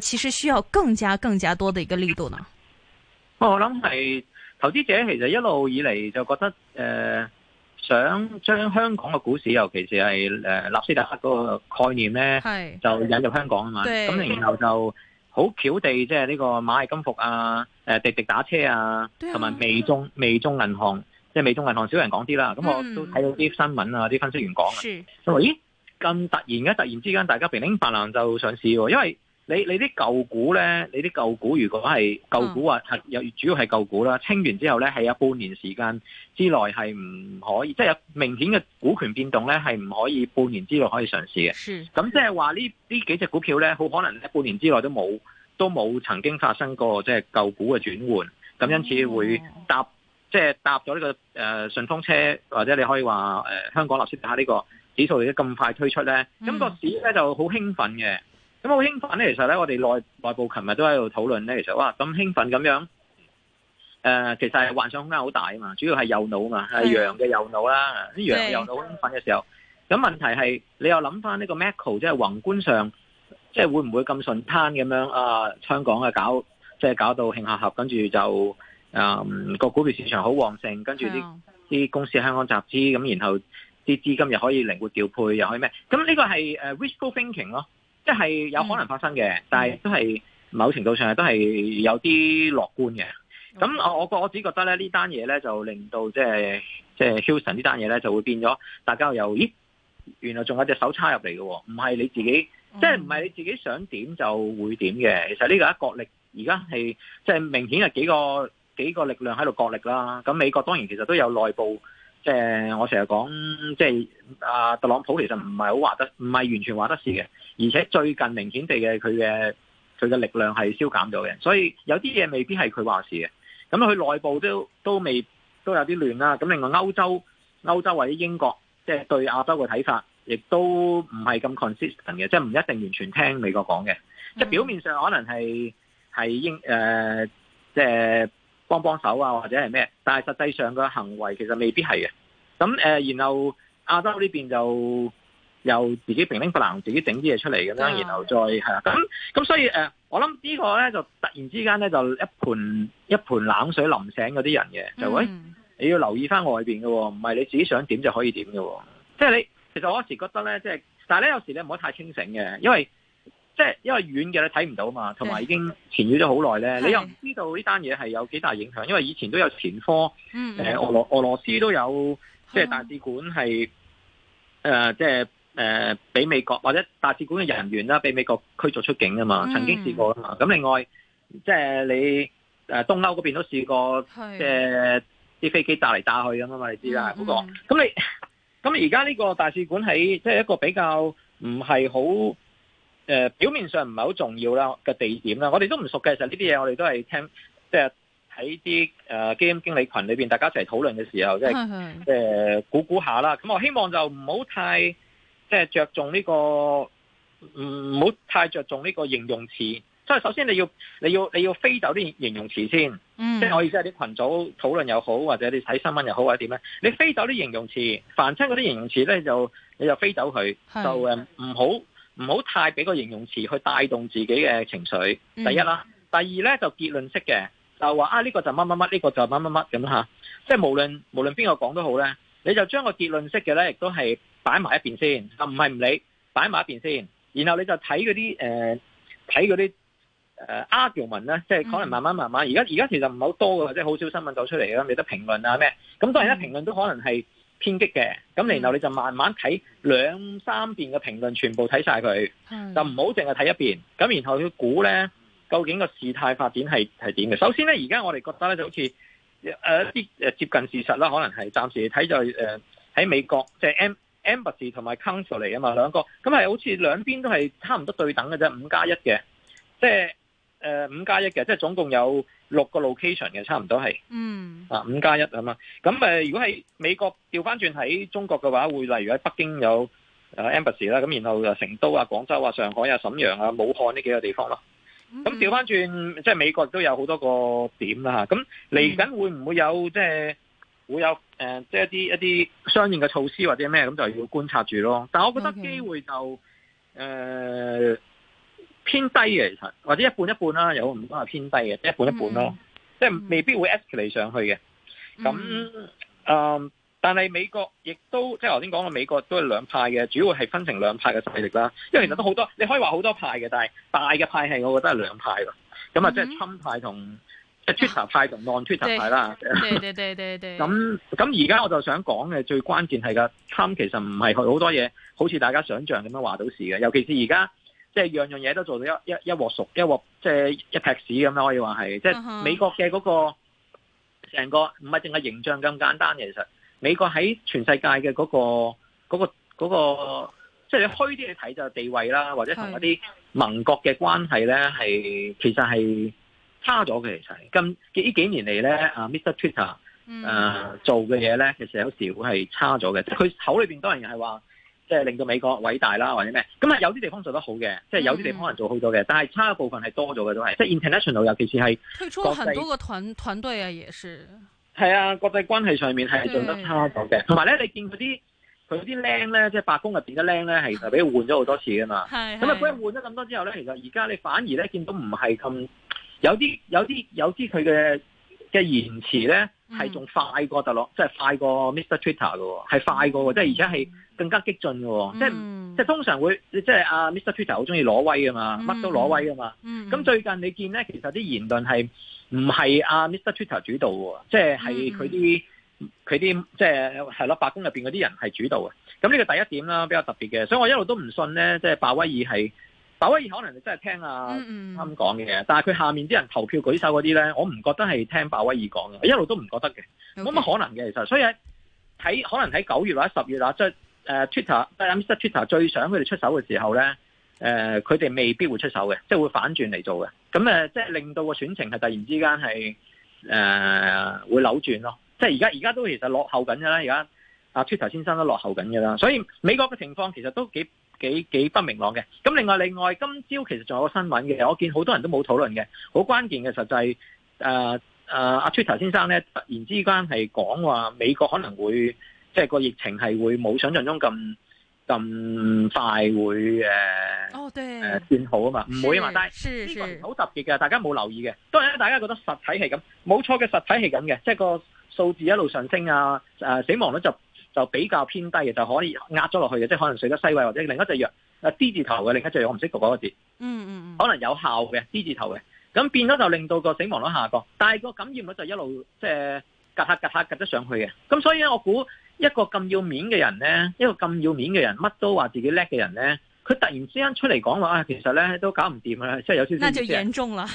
其實需要更加更加多的一個力度呢？我諗係投資者其實一路以嚟就覺得誒、呃，想將香港嘅股市，尤其是係誒納斯達克嗰個概念呢，就引入香港啊嘛。咁然後就好巧地，即係呢個螞蟻金服啊，誒、呃、滴滴打車啊，同埋、啊、微眾銀行，即係微眾銀行少人講啲啦。咁、嗯、我都睇到啲新聞啊，啲分析員講，咁咦咁突然嘅突然之間，大家平靈泛濫就上市，因為，你你啲舊股咧，你啲舊股如果係舊股啊，主要係舊股啦、嗯，清完之後咧，係有半年時間之內係唔可以，即、就、係、是、有明顯嘅股權變動咧，係唔可以半年之內可以嘗試嘅。咁即係話呢呢幾隻股票咧，好可能喺半年之內都冇都冇曾經發生過即係、就是、舊股嘅轉換，咁因此會搭即係、就是、搭咗呢、這個誒、呃、順風車，或者你可以話誒、呃、香港納斯達克呢個指數而家咁快推出咧，咁、那個市咧就好興奮嘅。咁好興奮咧，其實咧，我哋內部琴日都喺度討論咧、呃，其實哇，咁興奮咁樣，其實係幻想空間好大啊嘛，主要係右腦啊嘛，係羊嘅右腦啦，啲羊嘅右腦興奮嘅時候，咁問題係你又諗翻呢個 macro，即係宏觀上，即、就、係、是、會唔會咁順攤咁樣啊、呃？香港嘅搞即係、就是、搞到興下合，跟住就誒、呃、個股票市場好旺盛，跟住啲啲公司香港集資，咁然後啲資金又可以靈活調配，又可以咩？咁呢個係誒 wishful thinking 咯。即、就、係、是、有可能發生嘅、嗯，但係都係某程度上都係有啲樂觀嘅。咁、嗯、我我我只覺得咧，這件事呢單嘢咧就令到即係即係 Houston 呢單嘢咧就會變咗，大家又咦，原來仲有一隻手叉入嚟嘅，唔係你自己，即係唔係你自己想點就會點嘅。其實呢個一角力現在是，而家係即係明顯係幾個幾個力量喺度角力啦。咁美國當然其實都有內部，即、就、係、是、我成日講，即係啊特朗普其實唔係好話得，唔係完全話得事嘅。而且最近明顯地嘅佢嘅佢嘅力量係消減咗嘅，所以有啲嘢未必係佢話事嘅。咁佢內部都都未都有啲亂啦。咁另外歐洲、歐洲或者英國，即係對亞洲嘅睇法，亦都唔係咁 consistent 嘅，即係唔一定完全聽美國講嘅。即係表面上可能係係英誒即係幫幫手啊，或者係咩？但係實際上個行為其實未必係嘅。咁、呃、然後亞洲呢邊就。又自己平拎不難，自己整啲嘢出嚟咁樣，然後再係啦。咁咁所以誒、呃，我諗呢個咧就突然之間咧就一盆一盆冷水淋醒嗰啲人嘅，就喂、嗯哎、你要留意翻外邊嘅、哦，唔係你自己想點就可以點嘅、哦。即係你其實我有時覺得咧，即係但係咧有時你唔好太清醒嘅，因為即係因為遠嘅你睇唔到嘛，同埋已經潛伏咗好耐咧，你又唔知道呢單嘢係有幾大影響，因為以前都有前科，誒、呃、俄羅俄羅斯都有即係大使館係誒即係。誒、呃，俾美國或者大使館嘅人員啦，俾美國驅逐出境啊嘛，曾經試過啦嘛。咁、嗯、另外，即、就、係、是、你誒東歐嗰邊都試過，即係啲飛機炸嚟炸去咁啊嘛，你知啦。嗰個咁你，咁而家呢個大使館喺即係一個比較唔係好誒表面上唔係好重要啦嘅地點啦。我哋都唔熟嘅，其實呢啲嘢我哋都係聽即係喺啲誒基金經理群裏邊大家一齊討論嘅時候，即係誒估估下啦。咁我希望就唔好太。即係着重呢個唔好、嗯、太着重呢個形容詞，所以首先你要你要你要飛走啲形容詞先。嗯、即係可以即係啲群組討論又好，或者你睇新聞又好或者點咧，你飛走啲形容詞，凡親嗰啲形容詞咧就你就飛走佢，就誒唔好唔好太俾個形容詞去帶動自己嘅情緒。第一啦，嗯、第二咧就結論式嘅就話啊呢個就乜乜乜，呢個就乜乜乜咁吓。即係、啊就是、無論無論邊個講都好咧，你就將個結論式嘅咧，亦都係。擺埋一邊先，啊唔係唔理，擺埋一邊先，然後你就睇嗰啲誒睇啲誒 argument 文咧，即、呃、係、呃、可能慢慢慢慢，而家而家其實唔好多嘅，或者好少新聞走出嚟啦，你得評論啊咩，咁當然咧評論都可能係偏激嘅，咁然後你就慢慢睇兩三遍嘅評論，全部睇晒佢，就唔好淨係睇一邊，咁然後去估咧究竟個事態發展係係點嘅。首先咧，而家我哋覺得咧就好似誒一啲誒接近事實啦，可能係暫時睇、呃、在誒喺美國即係 M。Embassy 同埋 Council 嚟啊嘛，兩個咁係好似兩邊都係差唔多對等嘅啫，五加一嘅，即係誒五加一嘅，即係總共有六個 location 嘅，差唔多係，嗯啊五加一啊嘛，咁誒、呃、如果喺美國調翻轉喺中國嘅話，會例如喺北京有 Embassy 啦，咁、呃、然後啊成都啊、廣州啊、上海啊、瀋陽啊、武漢呢幾個地方咯，咁調翻轉即係美國都有好多個點啦嚇，咁嚟緊會唔會有即係？嗯就是會有誒、呃，即係一啲一啲相應嘅措施或者咩咁，就要觀察住咯。但我覺得機會就誒、okay. 呃、偏低嘅其實，或者一半一半啦，有唔講係偏低嘅，即係一半一半咯，mm -hmm. 即係未必會 escalate 上去嘅。咁誒、呃，但係美國亦都即係頭先講過，美國都係兩派嘅，主要係分成兩派嘅勢力啦。因為其實都好多，你可以話好多派嘅，但係大嘅派係我覺得係兩派咯咁啊，就即係侵派同。Twitter 派同按 Twitter 派啦。咁咁而家我就想講嘅最關鍵係㗎，Trump 其實唔係好多嘢，好似大家想象咁樣話到事嘅。尤其是而家即係樣樣嘢都做到一一一鑊熟，一鑊即係一劈屎咁樣可以話係。即係美國嘅嗰個成、uh -huh. 個唔係淨係形象咁簡單，其實美國喺全世界嘅嗰個嗰個嗰個，即係你虛啲去睇就係地位啦，或者同一啲盟國嘅關係咧，係其實係。差咗嘅其實，咁呢幾年嚟咧，阿 Mr. Twitter 誒、呃、做嘅嘢咧，其實有時會係差咗嘅。佢、嗯、口裏面當然係話，即、就、係、是、令到美國偉大啦，或者咩？咁啊有啲地方做得好嘅、嗯，即係有啲地方可能做好咗嘅，但係差嘅部分係多咗嘅都係。即係 international 尤其是係推出咗好多個團團隊啊，也是係啊，國際關係上面係做得差咗嘅。同埋咧，你見佢啲佢啲靚咧，即係白宮入面嘅靚咧，係就俾佢換咗好多次啊嘛。咁 啊、嗯，佢、 嗯、換咗咁多之後咧，其實而家你反而咧見到唔係咁。有啲有啲有啲佢嘅嘅言辭咧，係仲快過特朗普，即係快過 Mr. Twitter 嘅，係快過、嗯，即係而且係更加激進嘅，即係即係通常會，即係阿 Mr. Twitter 好中意攞威嘅嘛，乜、嗯、都攞威嘅嘛。咁、嗯、最近你見咧，其實啲言論係唔係阿 Mr. Twitter 主導嘅，即係係佢啲佢啲即係係咯，嗯、那些就是、白宮入邊嗰啲人係主導嘅。咁呢個第一點啦，比較特別嘅，所以我一路都唔信咧，即係鮑威爾係。鮑威爾可能你真係聽阿潘講嘅嘢，但係佢下面啲人投票舉手嗰啲咧，我唔覺得係聽鮑威爾講嘅，一路都唔覺得嘅，冇、okay. 乜可能嘅其實。所以喺喺可能喺九月或者十月啊，即係誒 Twitter 最想佢哋出手嘅時候咧，誒佢哋未必會出手嘅，即、就、係、是、會反轉嚟做嘅。咁誒即係令到個選情係突然之間係誒、呃、會扭轉咯。即係而家而家都其實落後緊嘅啦，而家阿 Twitter 先生都落後緊嘅啦。所以美國嘅情況其實都幾，幾幾不明朗嘅，咁另外另外今朝其實仲有個新聞嘅，我見好多人都冇討論嘅，好關鍵嘅實在係誒阿 Twitter 先生咧，突然之間係講話美國可能會即係、就是、個疫情係會冇想象中咁咁快會誒、呃、哦，呃、算好啊嘛，唔會啊嘛，但係呢、這個好特別嘅，大家冇留意嘅，當然大家覺得實體係咁，冇錯嘅實體係咁嘅，即係個數字一路上升啊，誒死亡率就。就比較偏低嘅，就可以壓咗落去嘅，即係可能瑞德西韋或者另一隻藥，啊 D 字頭嘅另一隻藥，我唔識讀嗰個字。嗯嗯，可能有效嘅 D 字頭嘅，咁變咗就令到個死亡率下降，但係個感染率就一路即係格下格下格得上去嘅。咁所以咧，我估一個咁要面嘅人咧，一個咁要面嘅人，乜都話自己叻嘅人咧，佢突然之間出嚟講話啊，其實咧都搞唔掂啦，即係有少少。那就嚴重啦。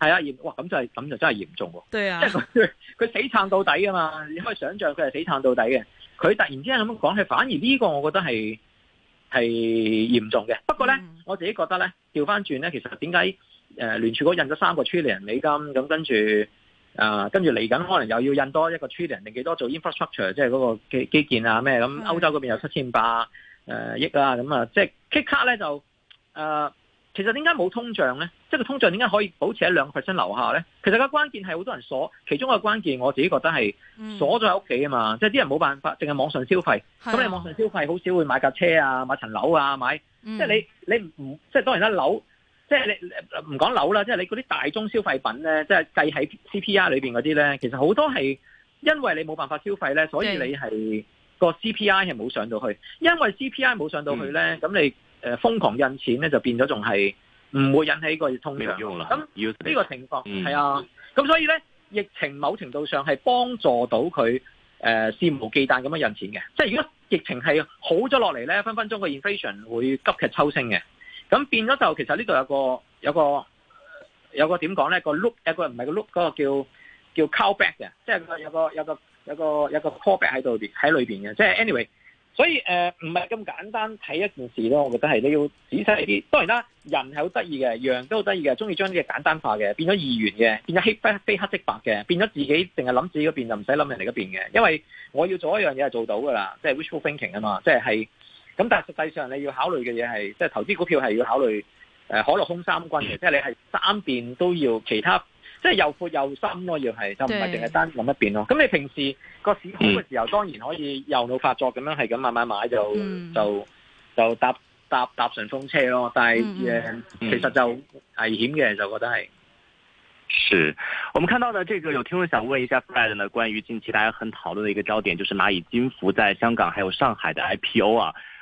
係啊，嚴哇，咁就係咁就真係嚴重喎。對啊，即係佢佢死撐到底啊嘛，你可以想象佢係死撐到底嘅。佢突然之間咁樣講，係反而呢個我覺得係係嚴重嘅。不過咧，我自己覺得咧，調翻轉咧，其實點解誒聯儲局印咗三個 trillion 美金，咁跟住啊，跟住嚟緊可能又要印多一個 trillion 定幾多做 infrastructure，即係嗰個基基建啊咩咁？歐洲嗰邊有七千八誒億啊，咁啊，即係 K 卡咧就誒。其實點解冇通脹咧？即係個通脹點解可以保持喺兩個 percent 樓下咧？其實個關鍵係好多人鎖，其中一個關鍵我自己覺得係鎖咗喺屋企啊嘛！即係啲人冇辦法，淨係網上消費。咁、嗯、你網上消費好少會買架車啊，買層樓啊，買、係咪？即、嗯、係、即係、你你唔即係當然啦，樓即係你唔講樓啦，即係、即係、你嗰啲大宗消費品咧，即係計喺 CPI 裏邊嗰啲咧，其實好多係因為你冇辦法消費咧，所以你係、個 CPI 係冇上到去。因為 CPI 冇上到去咧，咁、嗯、你。誒瘋狂印錢咧，就變咗仲係唔會引起個通脹。咁呢個情況係、嗯、啊，咁所以咧，疫情某程度上係幫助到佢誒、呃、肆無忌憚咁樣印錢嘅。即係如果疫情係好咗落嚟咧，分分鐘個 inflation 會急劇抽升嘅。咁變咗就其實呢度有個有個有個點講咧，有個 look 有個唔係個 look 嗰個，個，嗰個叫叫 call back 嘅，即係有個有個有個有個 call back 喺度喺裏面嘅。即係 anyway。所以誒，唔係咁簡單睇一件事咯，我覺得係你要仔細啲。當然啦，人係好得意嘅，樣都好得意嘅，中意將啲嘢簡單化嘅，變咗二元嘅，變咗黑非黑即白嘅，變咗自己淨係諗自己嗰邊就唔使諗人哋嗰邊嘅。因為我要做一樣嘢係做到㗎啦，即係 wishful thinking 啊嘛，即係係。咁但係實際上你要考慮嘅嘢係，即係投資股票係要考慮誒海陸空三軍嘅，即係你係三邊都要其他。即係又闊又深咯，要係就唔係淨係單諗一邊咯。咁、嗯、你平時個市空嘅時候，當然可以右腦發作咁樣係咁慢慢買就就就搭搭搭順風車咯。但係誒、嗯嗯嗯，其實就危險嘅，就覺得係。是，我們看到了這個，有聽眾想問一下 Fred 呢，關於近期大家很討論的一個焦點，就是螞蟻金服在香港還有上海的 IPO 啊。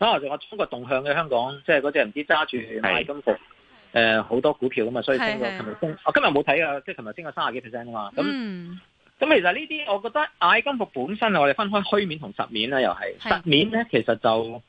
嗱，我通過動向嘅香港，即係嗰隻唔知揸住螞蟻金服，誒好、呃、多股票啊嘛，所以升過。琴日升，我、哦、今日冇睇啊，即係琴日升過三十幾 percent 啊嘛。咁咁、嗯、其實呢啲，我覺得螞蟻金服本身我哋分開虛面同實面啦，又係實面咧，其實就誒、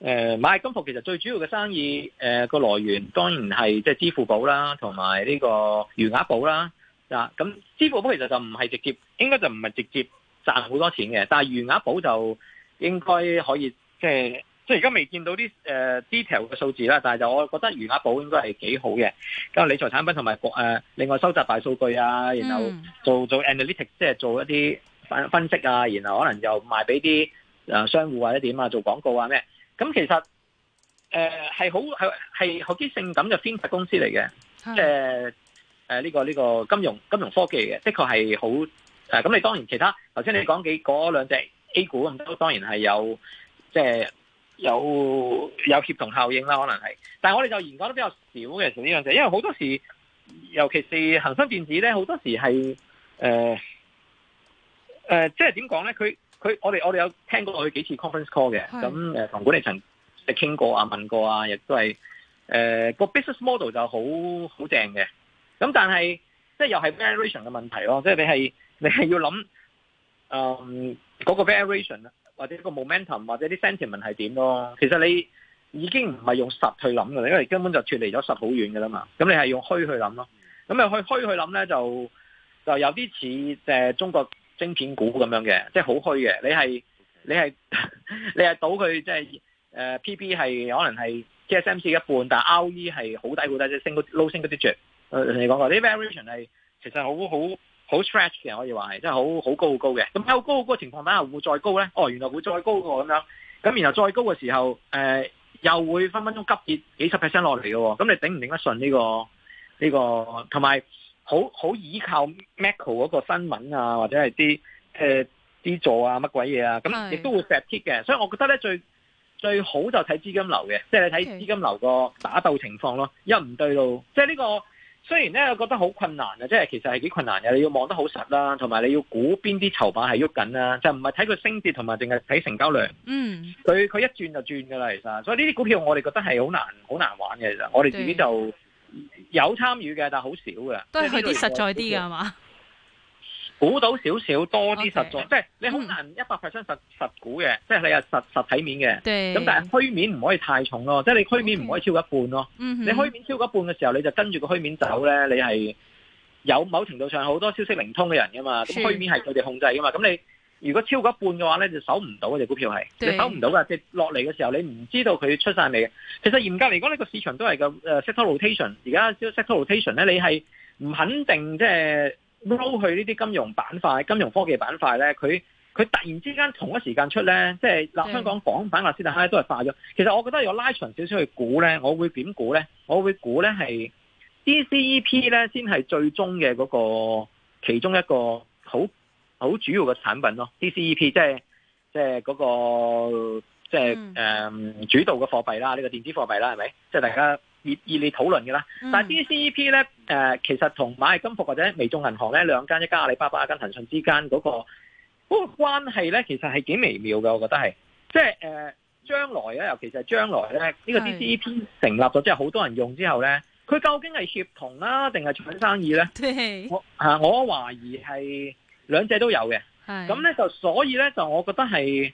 呃、螞蟻金服其實最主要嘅生意，誒、呃、個來源當然係即係支付寶啦，同埋呢個餘額寶啦。嗱，咁支付寶其實就唔係直接，應該就唔係直接賺好多錢嘅，但係餘額寶就應該可以即係。呃即係而家未見到啲誒 detail 嘅數字啦，但係就我覺得餘額寶應該係幾好嘅，咁啊理財產品同埋博誒另外收集大數據啊，然後做做 analytics，即係做一啲分分析啊，然後可能又賣俾啲誒商戶、啊、或者點啊做廣告啊咩？咁其實誒係好係係好幾性感嘅 fintech 公司嚟嘅，即係誒呢個呢、呢個金融金融科技嘅，的確係好誒。咁、啊、你當然其他頭先你講幾嗰兩隻 A 股咁都當然係有即係。就是有有協同效應啦，可能係，但係我哋就研究得比較少嘅其實呢樣嘢，因為好多時尤其是恒生電子咧，好多時係誒誒即係點講咧？佢佢我哋我哋有聽過去幾次 conference call 嘅，咁誒同管理層傾過啊，問過啊，亦都係誒個 business model 就好好正嘅，咁但係即係又係 variation 嘅問題咯，即係你係你係要諗誒嗰 variation 咧。或者個 momentum 或者啲 sentiment 係點咯？其實你已經唔係用實去諗㗎，因為根本就脫離咗實好遠㗎啦嘛。咁你係用虛去諗咯。咁啊去虛去諗咧，就就有啲似誒中國晶片股咁樣嘅，即係好虛嘅。你係你係你係賭佢即係誒 P/B 係可能係即 SMC 一半，但 ROE 係好低好低，即係 single，low single digit 住。我同你講過，呢 variation 係其實好好。好 stretch 嘅，可以話係，即係好好高好高嘅。咁好高好高嘅情況，底下會再高咧？哦，原來會再高個咁樣。咁然後再高嘅時候，誒、呃、又會分分鐘急跌幾十 percent 落嚟嘅。咁你頂唔頂得順呢個呢個？同埋好好依靠 Macau 嗰個新聞啊，或者係啲誒啲座啊乜鬼嘢啊，咁亦都會 set 嘅。所以我覺得咧最最好就睇資金流嘅，即、就、係、是、你睇資金流個打鬥情況咯、啊。一唔對路，即係呢個。雖然咧，我覺得好困難啊，即係其實係幾困難嘅，你要望得好實啦，同埋你要估邊啲籌碼係喐緊啦，就唔係睇佢升跌，同埋淨係睇成交量。嗯，佢佢一轉就轉噶啦，其實，所以呢啲股票我哋覺得係好難，好難玩嘅。其實我哋自己就有參與嘅，但係好少嘅，都係去啲實在啲㗎係嘛？估到少少多啲實在，okay. 即係你好難一百 percent 實、mm. 實估嘅，即係你係實實體面嘅。咁但係虛面唔可以太重咯，即係你虛面唔可以超過一半咯。Okay. 你虛面超過一半嘅時候，你就跟住個虛面走咧。Mm -hmm. 你係有某程度上好多消息靈通嘅人噶嘛，咁虛面係佢哋控制噶嘛。咁你如果超過一半嘅話咧，就守唔到隻股票係，你守唔到噶。即係落嚟嘅時候，你唔知道佢出晒嚟。嘅。其實嚴格嚟講，呢、呢個市場都係個、uh, sector rotation。而家 sector rotation 咧，你係唔肯定即係。撈去呢啲金融板塊、金融科技板塊咧，佢佢突然之間同一時間出咧，即係嗱香港港版納斯達克都係化咗。其實我覺得有拉長少少去估咧，我會點估咧？我會估咧係 DCEP 咧先係最終嘅嗰個其中一個好好主要嘅產品咯。DCEP 即係即係嗰個即係誒主導嘅貨幣啦，呢個電子貨幣啦，係咪？即係大家。熱熱烈討論嘅啦，但係 DCEP 咧，誒、呃，其實同螞蟻金服或者微眾銀行咧，兩間一家阿里巴巴一家騰訊之間嗰、那個那個關係咧，其實係幾微妙嘅，我覺得係，即係誒，將、呃、來咧，尤其是係將來咧，呢、這個 DCEP 成立咗之後，好多人用之後咧，佢究竟係協同啦、啊，定係搶生意咧？我吓，我懷疑係兩者都有嘅，咁咧就所以咧，就我覺得係。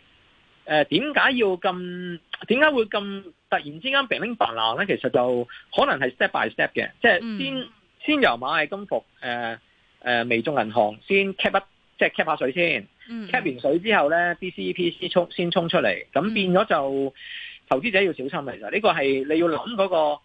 誒、呃，點解要咁？點解會咁突然之間 bling 咧？其實就可能係 step by step 嘅，嗯，即係先先由螞蟻金服誒誒、呃呃、微眾銀行先 cap, cap 一，即係 cap 下水先，嗯，cap 完水之後咧，DCEP 先衝先衝出嚟，咁變咗就，嗯，投資者要小心嚟啦。呢個係你要諗嗰、那個嗰、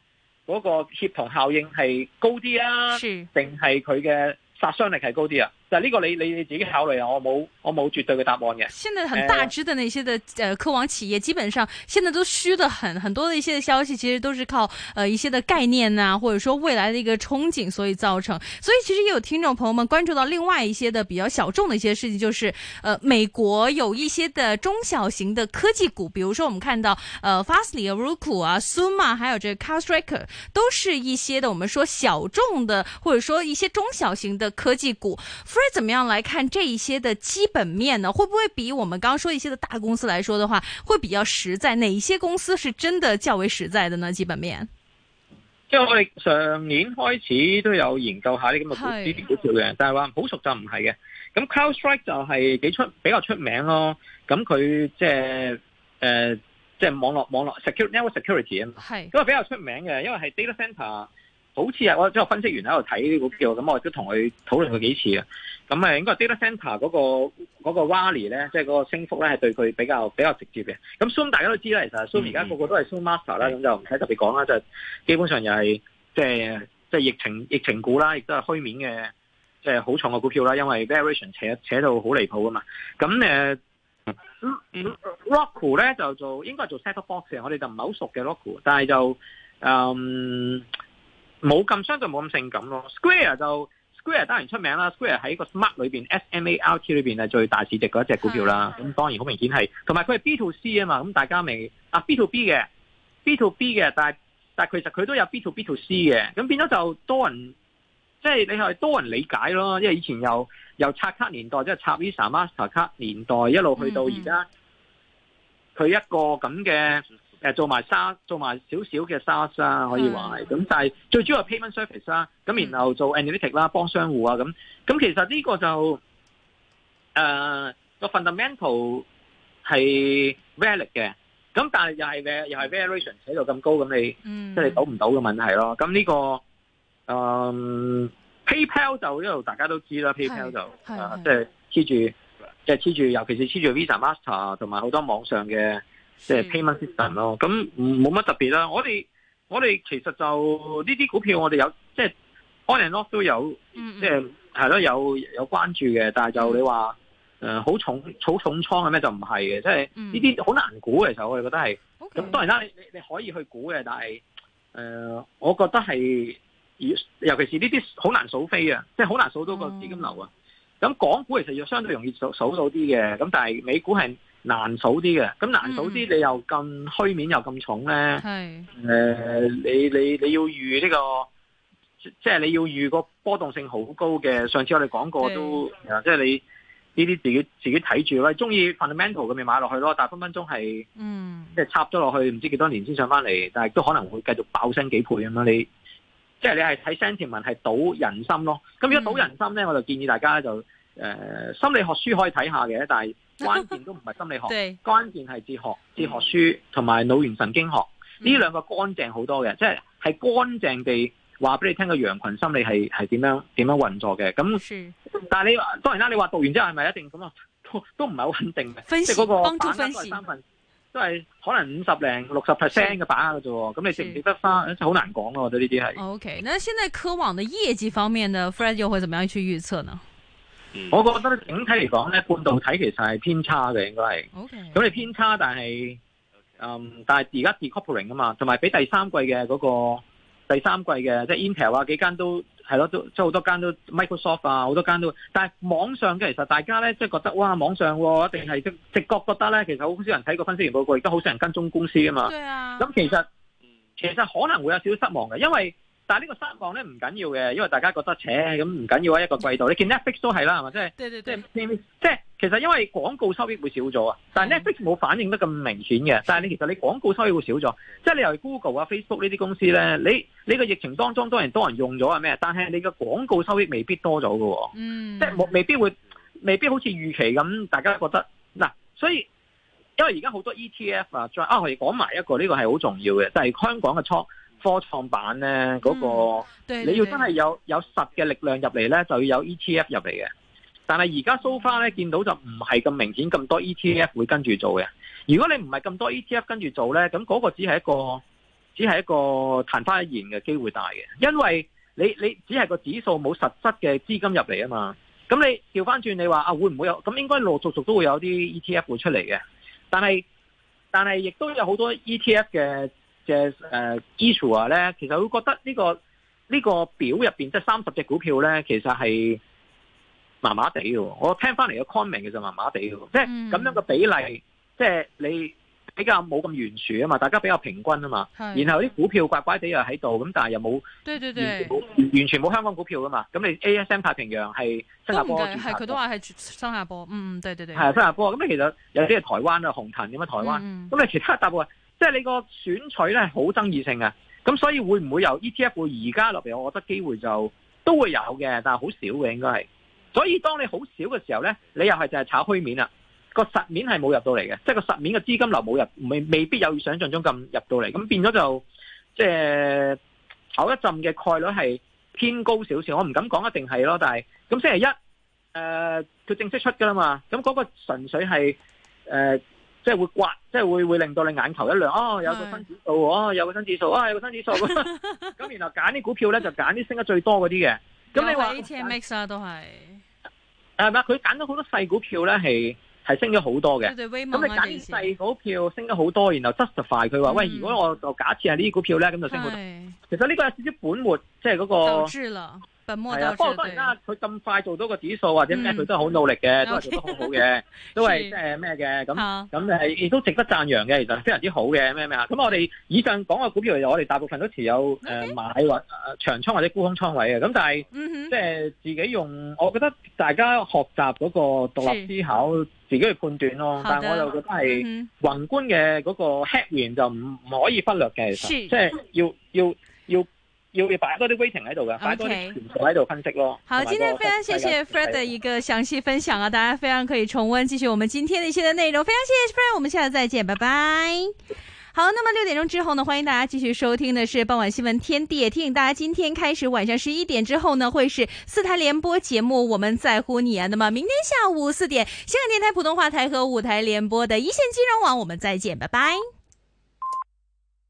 那個協同效應係高啲啊，定係佢嘅殺傷力係高啲啊？但係呢個你你你自己考慮啊！我冇我冇絕對嘅答案嘅。現在很大支的那些的呃科網企業、呃，基本上現在都虛得很，很多的一些消息其實都是靠呃一些的概念啊，或者說未來的一個憧憬，所以造成。所以其實也有聽眾朋友們關注到另外一些的比較小眾的一些事情，就是呃美國有一些的中小型的科技股，比如說我們看到呃 Fastly、Roku 啊、Suma 還有這 Cast Tracker 都是一些的我們說小眾的，或者說一些中小型的科技股。會怎麼樣來看這一些的基本面呢？會不會比我們剛剛說一些的大公司來說的話，會比較實在？哪一些公司是真的較為實在的呢？基本面？即係我哋上年開始都有研究下啲咁嘅股票嘅，但係話好熟就唔係嘅。咁 CrowdStrike 就係幾出比較出名咯。咁佢即係誒，即、呃、係、就是、網絡網絡 Secure, Network Security 啊嘛。係咁比較出名嘅，因為係 Data Center。好似啊，我即係分析員喺度睇呢股票，咁我亦都同佢討論佢幾次啊。咁誒，應該 data center 嗰個嗰個 Rally 咧，即係嗰個升幅咧，係對佢比較比較直接嘅。咁 Zoom 大家都知啦，其實 Zoom 而家個個都係 Zoom Master 啦、嗯嗯，咁就唔使特別講啦。就係、基本上又係即係即係疫情疫情股啦，亦都係虛面嘅，即係好重嘅股票啦。因為 variation 扯扯到好離譜㗎嘛。咁誒，Roku 咧就做應該係做 set up box 嘅，我哋就唔係好熟嘅 Roku，但係就嗯。冇咁相對冇咁性感咯。Square 就 Square 當然出名啦。Square 喺個 Smart 裏面 S M A R T 裏面係最大市值嗰一隻股票啦。咁當然好明顯係，同埋佢係 B to C 啊嘛。咁大家未啊 B to B 嘅，B to B 嘅，但係但係其實佢都有 B to B to C 嘅。咁變咗就多人，即係你係多人理解咯。因為以前又又刷卡年代，即係插 Visa、Mastercard 年代，一路去到而家，佢、嗯、一個咁嘅。做埋沙做埋少少嘅沙啦，可以話，咁但係最主要係 payment service 啦、啊，咁、嗯、然後做 analytics 啦、啊，幫商戶啊咁，咁其實呢個就誒、呃這個 fundamental 係 valid 嘅，咁但係又係又係 variation 喺度咁高，咁你即係你賭唔賭嘅問題咯。咁呢、這個誒、呃、PayPal 就一路大家都知啦，PayPal 就即係黐住，即係黐住，尤其是黐住 Visa、Master 同埋好多網上嘅。即、就、係、是、payment system 咯，咁冇乜特別啦、啊。我哋我哋其實就呢啲股票我，我哋有即係 on and off 咯都有，即係係咯有有關注嘅。但係就你話誒好重好重倉係咩？就唔係嘅，即係呢啲好難估。其實我哋覺得係咁，嗯、當然啦，你你你可以去估嘅，但係誒、呃、我覺得係尤其是呢啲好難數飛啊，即係好難數到個資金流啊。咁、嗯、港股其實要相對容易數數到啲嘅，咁但係美股係。難數啲嘅，咁難數啲、嗯，你又咁虛面又咁重咧？係，誒、呃，你你你要預呢、這個，即係你要預個波動性好高嘅。上次我哋講過都，呃、即係你呢啲自己自己睇住你中意 fundamental 嘅咪買落去咯，但係分分鐘係，嗯，即係插咗落去唔知幾多年先上翻嚟，但係都可能會繼續爆升幾倍咁樣。你即係你係睇 sentiment 係賭人心咯。咁如果賭人心咧，我就建議大家就誒、呃、心理學書可以睇下嘅，但係。 關鍵都唔係心理學，關鍵係哲學、哲學書同埋腦源神經學呢兩、嗯、個乾淨好多嘅、嗯，即係係乾淨地話俾你聽個羊群心理係係點樣點樣運作嘅。咁，但係你當然啦，你話讀完之後係咪一定咁啊？都唔係好穩定嘅，分析嗰個把握都三分分都係可能五十零六十 percent 嘅把握嘅啫。咁你值唔值得花？好難講咯、啊，我覺得呢啲係。O、okay. K，那現在科網嘅業績方面呢？Fred 又會點樣去預測呢？ 我覺得整體嚟講咧，半導體其實係偏差嘅，應該係。OK。咁你偏差，但係，嗯，但係而家 decoupling 啊嘛，同埋俾第三季嘅嗰、那個第三季嘅，即、就、係、是、Intel 啊幾間都係咯，都即係好多間都 Microsoft 啊好多間都，但係網上嘅其實大家咧即係覺得哇網上一定係直覺覺得咧，其實好少人睇個分析員報告，而家好少人跟蹤公司啊嘛。咁、yeah. 其實其實可能會有少少失望嘅，因為。但係呢個失望咧唔緊要嘅，因為大家覺得，扯咁唔緊要啊一個季度。你見 Netflix 都係啦，係嘛？即係即即即即其實因為廣告收益會少咗啊，但係 Netflix 冇反應得咁明顯嘅。但係你其實你廣告收益會少咗，即係你由 Google 啊 Facebook 呢啲公司咧，你你個疫情當中當然多人用咗係咩？但係你個廣告收益未必多咗㗎喎，即係冇未必會，未必好似預期咁，大家覺得嗱，所以因為而家好多 ETF 啊，再啊我哋講埋一個呢個係好重要嘅，就係香港嘅倉。科創板咧嗰個、嗯對對對，你要真係有有實嘅力量入嚟咧，就要有 E T F 入嚟嘅。但係而家 so far 咧，見到就唔係咁明顯咁多 E T F 會跟住做嘅。如果你唔係咁多 E T F 跟住做咧，咁嗰個只係一個只係一個曇花一現嘅機會大嘅，因為你你只係個指數冇實質嘅資金入嚟啊嘛。咁你調翻轉你話啊，會唔會有？咁應該陸續續都會有啲 E T F 會出嚟嘅。但係但係亦都有好多 E T F 嘅。嘅誒 e c 啊咧，其實會覺得呢個呢個表入邊即係三十隻股票咧，其實係麻麻地嘅。我聽翻嚟嘅 comment 其實麻麻地嘅，即係咁樣嘅比例，即、嗯、係你比較冇咁懸殊啊嘛，大家比較平均啊嘛。然後啲股票怪怪地又喺度，咁但係又冇，對對對完全冇，完全冇香港股票噶嘛。咁你 ASM 太平洋係新加坡，坡，係佢都話係新加坡。嗯嗯，對對對，係新加坡。咁其實有啲係台灣啊，紅騰咁啊，台灣。咁、嗯嗯、你其他大部分。即係你個選取咧係好爭議性啊，咁所以會唔會由 ETF 會而家落嚟？我覺得機會就都會有嘅，但係好少嘅應該係。所以當你好少嘅時候咧，你又係就係炒虛面啦，個實面係冇入到嚟嘅，即係個實面嘅資金流冇入，未未必有想像中咁入到嚟。咁變咗就即係炒一陣嘅概率係偏高少少，我唔敢講一定係咯。但係咁星期一誒，佢、呃、正式出㗎啦嘛。咁嗰個純粹係誒。呃即係會刮，即係會會令到你眼球一亮哦、啊，有個新指數哦、啊，有個新指數啊，有個新指數咁。 然後揀啲股票咧，就揀啲升得最多嗰啲嘅。咁 你話 A，T，M，X 啊，都係係咪佢揀咗好多細股票咧，係係升咗好多嘅。咁你揀啲細股票升得好多，然後 justify 佢話喂，如果我就假設係呢啲股票咧，咁、嗯、就升好多。其實呢個有少少本末，即係嗰、嗰個。倒置了。不過、啊、當然啦、啊，佢咁快做到個指數或者咩，佢、嗯、都係好努力嘅、okay，都係做得好好嘅 ，都係即係咩嘅咁咁係亦都值得讚揚嘅，其實非常之好嘅咩咩啊。咁我哋以上講嘅股票，其實我哋大部分都持有誒買或長倉或者沽空倉位嘅。咁但係即係自己用，我覺得大家學習嗰個獨立思考，自己去判斷咯。但係我又覺得係、嗯、宏觀嘅嗰個 headline 就唔唔可以忽略嘅，其實即係要要要。要要要要擺多啲 waiting 喺度嘅，擺多啲元素喺度分析咯。Okay、好，今天非常謝謝 Fred 的一個詳細分享啊，大家非常可以重溫。繼續我們今天的一些的內容，非常謝謝 Fred，我們下次再見，拜拜。好，那麼六點鐘之後呢，歡迎大家繼續收聽的是傍晚新聞天地也聽，提醒大家今天開始晚上十一點之後呢，會是四台聯播節目，我們在乎你啊。那麼明天下午四點，香港電台普通話台和五台聯播的一線金融網，我們再見，拜拜。